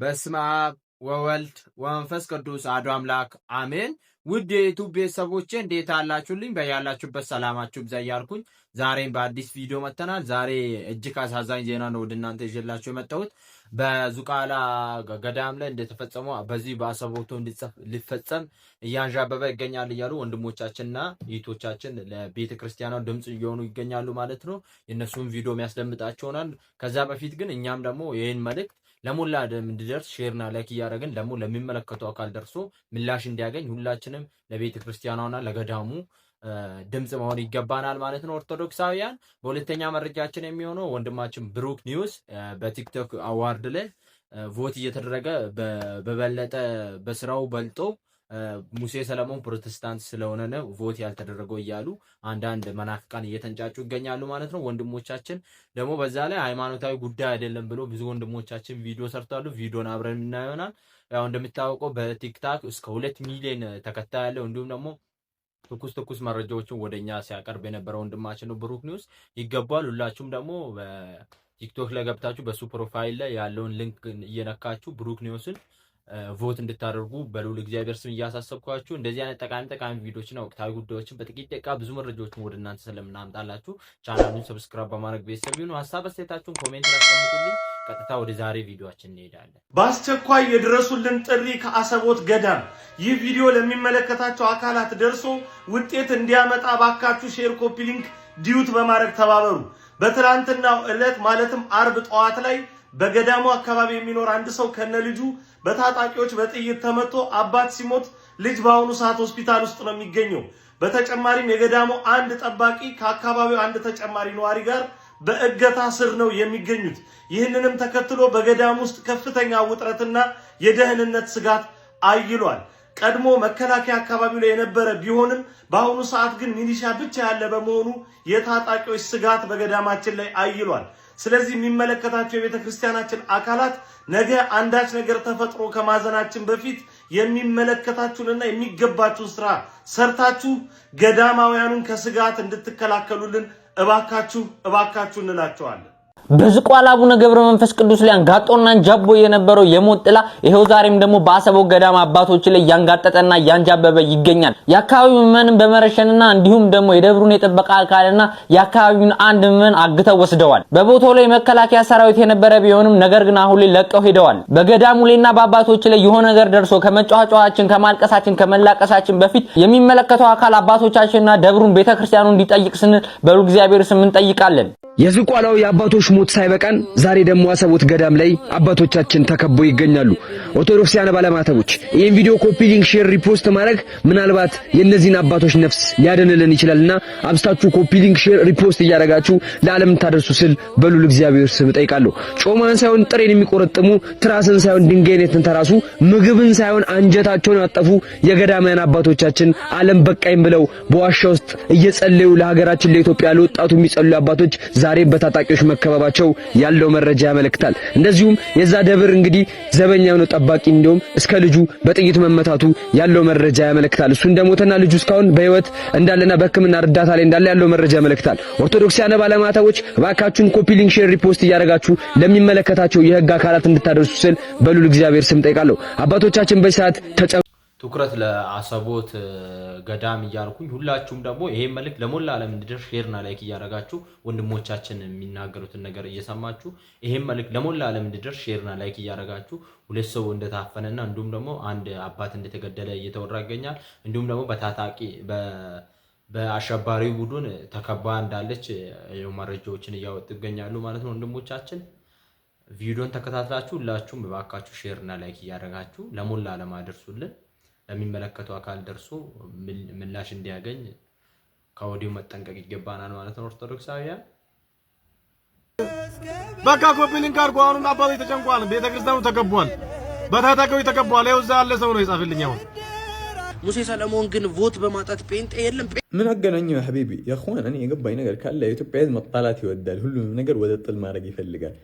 በስመ አብ ወወልድ ወመንፈስ ቅዱስ አሐዱ አምላክ አሜን። ውድ የዩቱብ ቤተሰቦቼ እንዴት አላችሁልኝ? በያላችሁበት ሰላማችሁ ብዛ እያልኩኝ ዛሬም በአዲስ ቪዲዮ መጥተናል። ዛሬ እጅግ አሳዛኝ ዜና ነው ወደ እናንተ ይዤላችሁ የመጣሁት በዝቋላ ገዳም ላይ እንደተፈጸመ በዚህ በአሰቦቶ ሊፈጸም እያንዣበበ ይገኛል እያሉ ወንድሞቻችንና ቶቻችን ለቤተ ክርስቲያኗ ድምፅ እየሆኑ ይገኛሉ ማለት ነው። የእነሱን ቪዲዮ የሚያስደምጣቸው ከዛ በፊት ግን እኛም ደግሞ ይህን መልእክት ለሞላ አደም እንዲደርስ ሼርና ላይክ እያደረግን ደግሞ ለሚመለከቱ አካል ደርሶ ምላሽ እንዲያገኝ ሁላችንም ለቤተ ክርስቲያኗና ለገዳሙ ድምፅ መሆን ይገባናል ማለት ነው ኦርቶዶክሳውያን። በሁለተኛ መረጃችን የሚሆነው ወንድማችን ብሩክ ኒውስ በቲክቶክ አዋርድ ላይ ቮት እየተደረገ በበለጠ በስራው በልጦ ሙሴ ሰለሞን ፕሮቴስታንት ስለሆነ ነው ቮት ያልተደረገው እያሉ አንዳንድ መናፍቃን እየተንጫጩ ይገኛሉ ማለት ነው። ወንድሞቻችን ደግሞ በዛ ላይ ሃይማኖታዊ ጉዳይ አይደለም ብሎ ብዙ ወንድሞቻችን ቪዲዮ ሰርተዋል። ቪዲዮን አብረን የምናየው ያው እንደሚታወቀው በቲክታክ እስከ ሁለት ሚሊዮን ተከታይ ያለው እንዲሁም ደግሞ ትኩስ ትኩስ መረጃዎችን ወደኛ ሲያቀርብ የነበረ ወንድማችን ነው ብሩክ ኒውስ ይገባል። ሁላችሁም ደግሞ በቲክቶክ ላይ ገብታችሁ በሱ ፕሮፋይል ላይ ያለውን ሊንክ እየነካችሁ ብሩክ ኒውስን ቮት እንድታደርጉ በልዑል እግዚአብሔር ስም እያሳሰብኳችሁ እንደዚህ አይነት ጠቃሚ ጠቃሚ ቪዲዮዎችና ወቅታዊ ጉዳዮችን በጥቂት ደቂቃ ብዙ መረጃዎችን ወደ እናንተ ስለምናምጣላችሁ ቻናሉን ሰብስክራይብ በማድረግ ቤተሰብ ይሁኑ። ሀሳብ አስተያየታችሁን ኮሜንት ላስቀምጡልኝ። ቀጥታ ወደ ዛሬ ቪዲዮችን እንሄዳለን። በአስቸኳይ የድረሱልን ጥሪ ከአሰቦት ገዳም። ይህ ቪዲዮ ለሚመለከታቸው አካላት ደርሶ ውጤት እንዲያመጣ ባካችሁ ሼር፣ ኮፒ ሊንክ፣ ዲዩት በማድረግ ተባበሩ። በትላንትናው ዕለት ማለትም አርብ ጠዋት ላይ በገዳሙ አካባቢ የሚኖር አንድ ሰው ከነ ልጁ በታጣቂዎች በጥይት ተመቶ አባት ሲሞት ልጅ በአሁኑ ሰዓት ሆስፒታል ውስጥ ነው የሚገኘው። በተጨማሪም የገዳሙ አንድ ጠባቂ ከአካባቢው አንድ ተጨማሪ ነዋሪ ጋር በእገታ ስር ነው የሚገኙት። ይህንንም ተከትሎ በገዳም ውስጥ ከፍተኛ ውጥረትና የደህንነት ስጋት አይሏል። ቀድሞ መከላከያ አካባቢው ላይ የነበረ ቢሆንም በአሁኑ ሰዓት ግን ሚሊሻ ብቻ ያለ በመሆኑ የታጣቂዎች ስጋት በገዳማችን ላይ አይሏል። ስለዚህ የሚመለከታቸው የቤተ ክርስቲያናችን አካላት ነገ አንዳች ነገር ተፈጥሮ ከማዘናችን በፊት የሚመለከታችሁንና የሚገባችሁን ስራ ሰርታችሁ ገዳማውያኑን ከስጋት እንድትከላከሉልን እባካችሁ እባካችሁ እንላቸዋለን። በዝቋላ አቡነ ገብረ መንፈስ ቅዱስ ላይ አንጋጦና አንጃቦ የነበረው የሞት ጥላ ይሄው ዛሬም ደግሞ በአሰበው ገዳም አባቶች ላይ ያንጋጠጠና ያንጃበበ ይገኛል። የአካባቢው ምዕመንን በመረሸንና እንዲሁም ደግሞ የደብሩን የጥበቃ አካልና የአካባቢውን አንድ ምዕመን አግተው ወስደዋል። በቦታው ላይ መከላከያ ሰራዊት የነበረ ቢሆንም ነገር ግን አሁን ላይ ለቀው ሄደዋል። በገዳሙ ላይና በአባቶች ላይ የሆነ ነገር ደርሶ ከመጫዋጫዋችን ከማልቀሳችን ከመላቀሳችን በፊት የሚመለከተው አካል አባቶቻችንና ደብሩን ቤተክርስቲያኑ እንዲጠይቅ ስንል በሉ እግዚአብሔር ስም እንጠይቃለን። የዝቋላው የአባቶች ሞት ሳይበቃን ዛሬ ደግሞ አሰቦት ገዳም ላይ አባቶቻችን ተከቦ ይገኛሉ። ኦርቶዶክሳውያን ባለማተቦች ይህን ቪዲዮ ኮፒ፣ ሊንክ፣ ሼር፣ ሪፖስት ማድረግ ምናልባት የእነዚህን አባቶች ነፍስ ሊያደንልን ይችላልና አብስታችሁ ኮፒ፣ ሊንክ፣ ሼር፣ ሪፖስት እያደረጋችሁ ለዓለም ታደርሱ ስል በሉል እግዚአብሔር ስም ጠይቃለሁ። ጮማን ሳይሆን ጥሬን የሚቆረጥሙ ትራስን ሳይሆን ድንጋይን የተንተራሱ ምግብን ሳይሆን አንጀታቸውን ያጠፉ የገዳማያን አባቶቻችን ዓለም በቃኝ ብለው በዋሻ ውስጥ እየጸለዩ ለሀገራችን ለኢትዮጵያ ለወጣቱ የሚጸልዩ አባቶች ዛሬ በታጣቂዎች መከበባቸው ያለው መረጃ ያመለክታል። እንደዚሁም የዛ ደብር እንግዲህ ዘበኛ የሆነው ጠባቂ እንዲሁም እስከ ልጁ በጥይት መመታቱ ያለው መረጃ ያመለክታል። እሱ እንደሞተና ልጁ እስካሁን በህይወት እንዳለና በሕክምና እርዳታ ላይ እንዳለ ያለው መረጃ ያመለክታል። ኦርቶዶክሳውያን ባለማዕተቦች እባካችሁን ኮፒ ሊንክ፣ ሼር፣ ሪፖስት እያደረጋችሁ ለሚመለከታቸው የህግ አካላት እንድታደርሱ ስል በሉል እግዚአብሔር ስም ጠይቃለሁ። አባቶቻችን በሰዓት ተጨ ትኩረት ለአሰቦት ገዳም እያልኩኝ ሁላችሁም ደግሞ ይሄን መልእክት ለሞላ ዓለም እንዲደርስ ሼርና ላይክ እያደረጋችሁ ወንድሞቻችን የሚናገሩትን ነገር እየሰማችሁ ይሄን መልእክት ለሞላ ዓለም እንዲደርስ ሼርና ላይክ እያደረጋችሁ ሁለት ሰው እንደታፈነና እንዲሁም ደግሞ አንድ አባት እንደተገደለ እየተወራ ይገኛል። እንዲሁም ደግሞ በታጣቂ በአሸባሪ ቡድን ተከባ እንዳለች መረጃዎችን እያወጡ ይገኛሉ ማለት ነው። ወንድሞቻችን ቪዲዮን ተከታትላችሁ ሁላችሁም እባካችሁ ሼርና ላይክ እያደረጋችሁ ለሞላ ዓለም አድርሱልን። ለሚመለከተው አካል ደርሶ ምላሽ እንዲያገኝ ከወዲሁ መጠንቀቅ ይገባናል ማለት ነው። ኦርቶዶክሳውያን በቃ ኮፒሊንክ አድርጎ አሁንም አባቶች ተጨንቋል። ቤተክርስቲያኑ ተከቧል፣ በታታቂው ተከቧል። ይኸው እዛ ያለ ሰው ነው ይጻፍልኝ አሁን ሙሴ ሰለሞን ግን ቮት በማጣት ጴንጤ የለም። ምን አገናኘው ያ ሀቢቢ? የሆነ እኔ የገባኝ ነገር ካለ የኢትዮጵያ ሕዝብ መጣላት ይወዳል። ሁሉንም ነገር ወደ ጥል ማድረግ ይፈልጋል።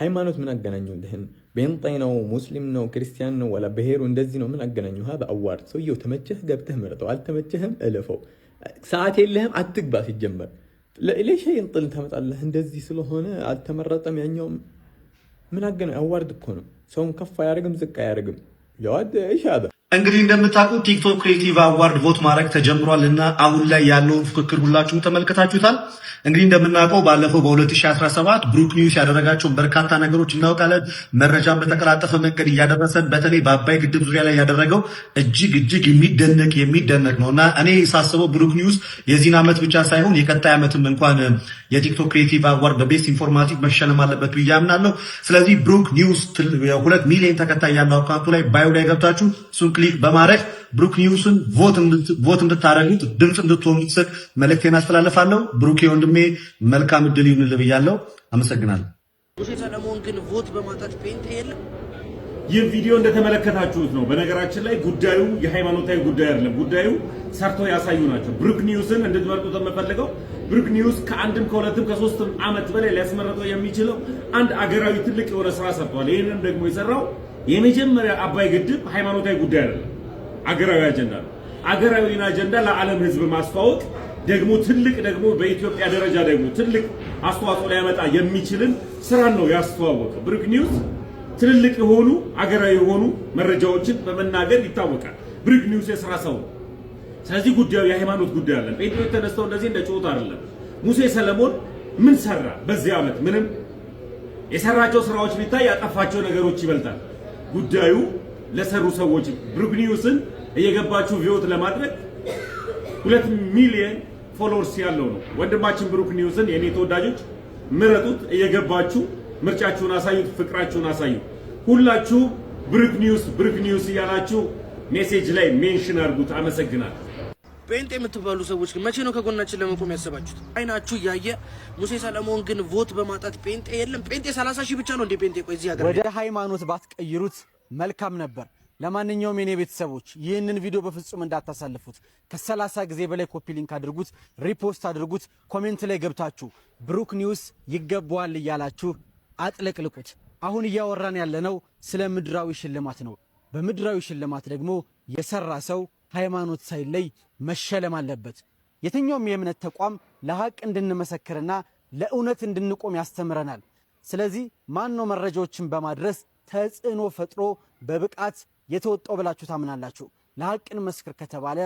ሃይማኖት ምን አገናኘው? ልህን ጴንጤ ነው ሙስሊም ነው ክርስቲያን ነው ወላ ብሔሩ እንደዚህ ነው ምን አገናኘው? ሀ በአዋርድ ሰውየው ተመቸህ ገብተህ ምርጠው፣ አልተመቸህም እልፈው። ሰዓት የለህም አትግባ። ሲጀመር ለሸይን ጥል ታመጣለህ። እንደዚህ ስለሆነ አልተመረጠም ያኛውም ምን አገናኘው? አዋርድ እኮ ነው። ሰውን ከፍ አያደርግም ዝቅ አያደርግም። ጀዋድ ሻበ እንግዲህ እንደምታውቁት ቲክቶክ ክሬቲቭ አዋርድ ቮት ማድረግ ተጀምሯል እና አሁን ላይ ያለውን ፉክክር ሁላችሁም ተመልከታችሁታል። እንግዲህ እንደምናውቀው ባለፈው በ2017 ብሩክ ኒውስ ያደረጋቸውን በርካታ ነገሮች እናውቃለን። መረጃን በተቀላጠፈ መንገድ እያደረሰን በተለይ በአባይ ግድብ ዙሪያ ላይ ያደረገው እጅግ እጅግ የሚደነቅ የሚደነቅ ነው እና እኔ ሳስበው ብሩክ ኒውስ የዚህን ዓመት ብቻ ሳይሆን የቀጣይ ዓመትም እንኳን የቲክቶክ ክሬቲቭ አዋርድ በቤስት ኢንፎርማቲቭ መሸለም አለበት ብዬ አምናለሁ። ስለዚህ ብሩክ ኒውስ ሁለት ሚሊዮን ተከታይ ያለው አካውንቱ ላይ ባዩ ላይ ገብታችሁ በማድረግ ብሩክ ኒውስን ቮት እንድታደረጉት ድምፅ እንድትሆኑ ስል መልእክቴን አስተላልፋለሁ። ብሩክ ወንድሜ መልካም እድል ይሁንልህ ብያለሁ። አመሰግናለሁ። ሰለሞን ግን ቮት በማጣት ፔንት የለም። ይህ ቪዲዮ እንደተመለከታችሁት ነው። በነገራችን ላይ ጉዳዩ የሃይማኖታዊ ጉዳይ አይደለም። ጉዳዩ ሰርቶ ያሳዩ ናቸው። ብሩክ ኒውስን እንድትመርጡ የምፈልገው ብሩክ ኒውስ ከአንድም ከሁለትም ከሶስትም ዓመት በላይ ሊያስመረጠው የሚችለው አንድ አገራዊ ትልቅ የሆነ ስራ ሰርቷል። ይህንም ደግሞ የሰራው የመጀመሪያ አባይ ግድብ ሃይማኖታዊ ጉዳይ አይደለም፣ አገራዊ አጀንዳ ነው። አገራዊን አጀንዳ ለዓለም ህዝብ ማስተዋወቅ ደግሞ ትልቅ ደግሞ በኢትዮጵያ ደረጃ ደግሞ ትልቅ አስተዋጽኦ ሊያመጣ የሚችልን ስራ ነው ያስተዋወቀ። ብሬክ ኒውስ ትልልቅ የሆኑ አገራዊ የሆኑ መረጃዎችን በመናገር ይታወቃል። ብሬክ ኒውስ የስራ ሰው ነው። ስለዚህ ጉዳዩ የሃይማኖት ጉዳይ አለን። ጴጥሮ ተነስተው እንደዚህ እንደ ጩኸት አይደለም። ሙሴ ሰለሞን ምን ሰራ በዚህ ዓመት? ምንም የሰራቸው ስራዎች ቢታይ ያጠፋቸው ነገሮች ይበልጣል። ጉዳዩ ለሰሩ ሰዎች ብሩክኒውስን እየገባችሁ ቪዮት ለማድረግ ሁለት ሚሊየን ፎሎወርስ ያለው ነው ወንድማችን ብሩክ ኒውስን። የኔ ተወዳጆች ምረጡት፣ እየገባችሁ ምርጫችሁን አሳዩት፣ ፍቅራችሁን አሳዩት። ሁላችሁ ብሩክ ኒውስ ብሩክ ኒውስ እያላችሁ ሜሴጅ ላይ ሜንሽን አድርጉት። አመሰግናለሁ። ጴንጤ የምትባሉ ሰዎች ግን መቼ ነው ከጎናችን ለመቆም ያሰባችሁት? አይናችሁ እያየ ሙሴ ሰለሞን ግን ቮት በማጣት ጴንጤ የለም ጴንጤ 30 ሺህ ብቻ ነው እንዴ? ጴንጤ ቆይ እዚህ ሀገር ወደ ሃይማኖት ባትቀይሩት መልካም ነበር። ለማንኛውም የኔ ቤተሰቦች ይህንን ቪዲዮ በፍጹም እንዳታሳልፉት። ከሰላሳ ጊዜ በላይ ኮፒ ሊንክ አድርጉት፣ ሪፖስት አድርጉት፣ ኮሜንት ላይ ገብታችሁ ብሩክ ኒውስ ይገባዋል እያላችሁ አጥለቅልቁት። አሁን እያወራን ያለነው ስለ ምድራዊ ሽልማት ነው። በምድራዊ ሽልማት ደግሞ የሰራ ሰው ሃይማኖት ሳይለይ መሸለም አለበት። የትኛውም የእምነት ተቋም ለሐቅ እንድንመሰክርና ለእውነት እንድንቆም ያስተምረናል። ስለዚህ ማኖ መረጃዎችን በማድረስ ተጽዕኖ ፈጥሮ በብቃት የተወጣው ብላችሁ ታምናላችሁ? ለሐቅን መስክር ከተባለ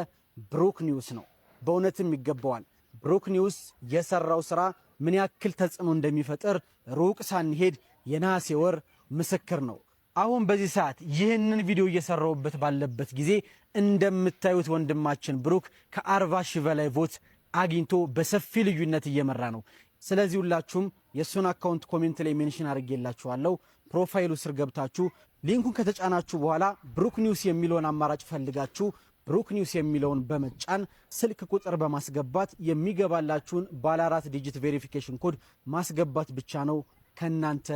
ብሩክ ኒውስ ነው። በእውነትም ይገባዋል። ብሩክ ኒውስ የሰራው ስራ ምን ያክል ተጽዕኖ እንደሚፈጥር ሩቅ ሳንሄድ የነሐሴ ወር ምስክር ነው። አሁን በዚህ ሰዓት ይህንን ቪዲዮ እየሰራውበት ባለበት ጊዜ እንደምታዩት ወንድማችን ብሩክ ከአርባ ሺህ በላይ ቮት አግኝቶ በሰፊ ልዩነት እየመራ ነው። ስለዚህ ሁላችሁም የእሱን አካውንት ኮሜንት ላይ ሜንሽን አድርጌላችኋለሁ። ፕሮፋይሉ ስር ገብታችሁ ሊንኩን ከተጫናችሁ በኋላ ብሩክ ኒውስ የሚለውን አማራጭ ፈልጋችሁ ብሩክ ኒውስ የሚለውን በመጫን ስልክ ቁጥር በማስገባት የሚገባላችሁን ባለ አራት ዲጂት ቬሪፊኬሽን ኮድ ማስገባት ብቻ ነው ከእናንተ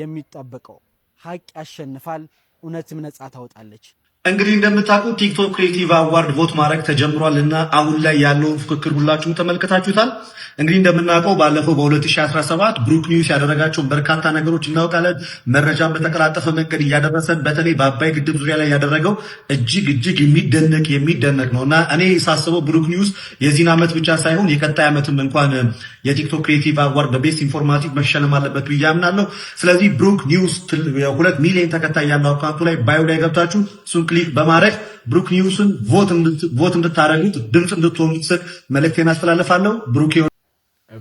የሚጠበቀው። ሀቅ ያሸንፋል። እውነትም ነጻ ታወጣለች። እንግዲህ እንደምታውቁት ቲክቶክ ክሬቲቭ አዋርድ ቮት ማድረግ ተጀምሯል እና አሁን ላይ ያለውን ፉክክር ሁላችሁም ተመልክታችሁታል። እንግዲህ እንደምናውቀው ባለፈው በ2017 ብሩክ ኒውስ ያደረጋቸውን በርካታ ነገሮች እናውቃለን። መረጃን በተቀላጠፈ መንገድ እያደረሰን በተለይ በአባይ ግድብ ዙሪያ ላይ ያደረገው እጅግ እጅግ የሚደነቅ የሚደነቅ ነው እና እኔ ሳስበው ብሩክ ኒውስ የዚህን ዓመት ብቻ ሳይሆን የቀጣይ ዓመትም እንኳን የቲክቶክ ክሬቲቭ አዋርድ በቤስት ኢንፎርማቲቭ መሸለም አለበት ብዬ አምናለሁ። ስለዚህ ብሩክ ኒውስ ሁለት ሚሊዮን ተከታይ ያለው አካውንቱ ላይ ባዩ ላይ ገብታችሁ እሱን ክሊክ በማድረግ ብሩክ ኒውስን ቮት እንድታደረጉት ድምፅ እንድትሆኑ ስል መልእክቴን አስተላልፋለሁ። ብሩክ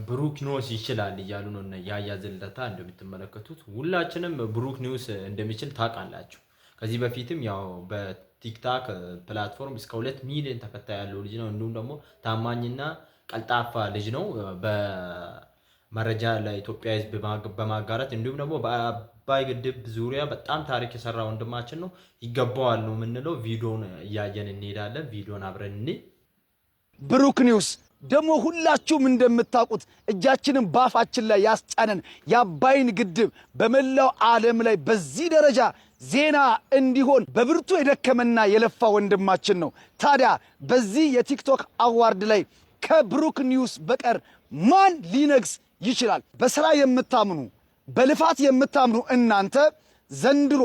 ብሩክ ኒውስ ይችላል እያሉ ነው ያያ ልደታ። እንደምትመለከቱት ሁላችንም ብሩክ ኒውስ እንደሚችል ታውቃላችሁ። ከዚህ በፊትም ያው በቲክታክ ፕላትፎርም እስከ ሁለት ሚሊዮን ተከታይ ያለው ልጅ ነው። እንዲሁም ደግሞ ታማኝና ቀልጣፋ ልጅ ነው። በመረጃ ለኢትዮጵያ ሕዝብ በማጋራት እንዲሁም ደግሞ በአባይ ግድብ ዙሪያ በጣም ታሪክ የሰራ ወንድማችን ነው። ይገባዋል ነው የምንለው። ቪዲዮን እያየን እንሄዳለን። ቪዲዮን አብረን እኔ ብሩክ ኒውስ ደግሞ ሁላችሁም እንደምታውቁት እጃችንን ባፋችን ላይ ያስጫነን የአባይን ግድብ በመላው ዓለም ላይ በዚህ ደረጃ ዜና እንዲሆን በብርቱ የደከመና የለፋ ወንድማችን ነው። ታዲያ በዚህ የቲክቶክ አዋርድ ላይ ከብሩክ ኒውስ በቀር ማን ሊነግስ ይችላል? በስራ የምታምኑ በልፋት የምታምኑ እናንተ ዘንድሮ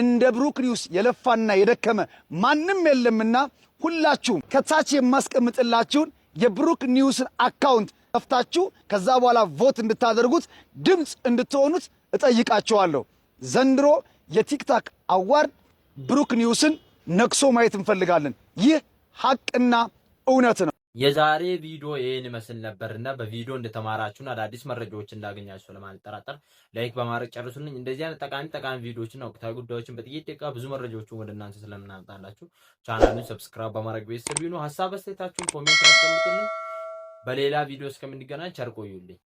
እንደ ብሩክ ኒውስ የለፋና የደከመ ማንም የለምና ሁላችሁም ከታች የማስቀምጥላችሁን የብሩክ ኒውስን አካውንት ከፍታችሁ ከዛ በኋላ ቮት እንድታደርጉት ድምፅ እንድትሆኑት እጠይቃችኋለሁ። ዘንድሮ የቲክታክ አዋርድ ብሩክ ኒውስን ነግሶ ማየት እንፈልጋለን። ይህ ሐቅና እውነት ነው። የዛሬ ቪዲዮ ይህን ይመስል ነበርና በቪዲዮ እንደተማራችሁና አዳዲስ መረጃዎች እንዳገኛችሁ ለማልጠራጠር ላይክ በማድረግ ጨርሱልኝ። እንደዚህ አይነት ጠቃሚ ጠቃሚ ቪዲዮዎችን ወቅታዊ ጉዳዮችን በጥቂት ደቂቃ ብዙ መረጃዎችን ወደ እናንተ ስለምናመጣላችሁ ቻናሉን ሰብስክራይብ በማድረግ ቤተሰብ ይሁኑ። ሀሳብ አስተያየታችሁን ኮሜንት አስቀምጡልኝ። በሌላ ቪዲዮ እስከምንገናኝ ቸር ቆዩልኝ።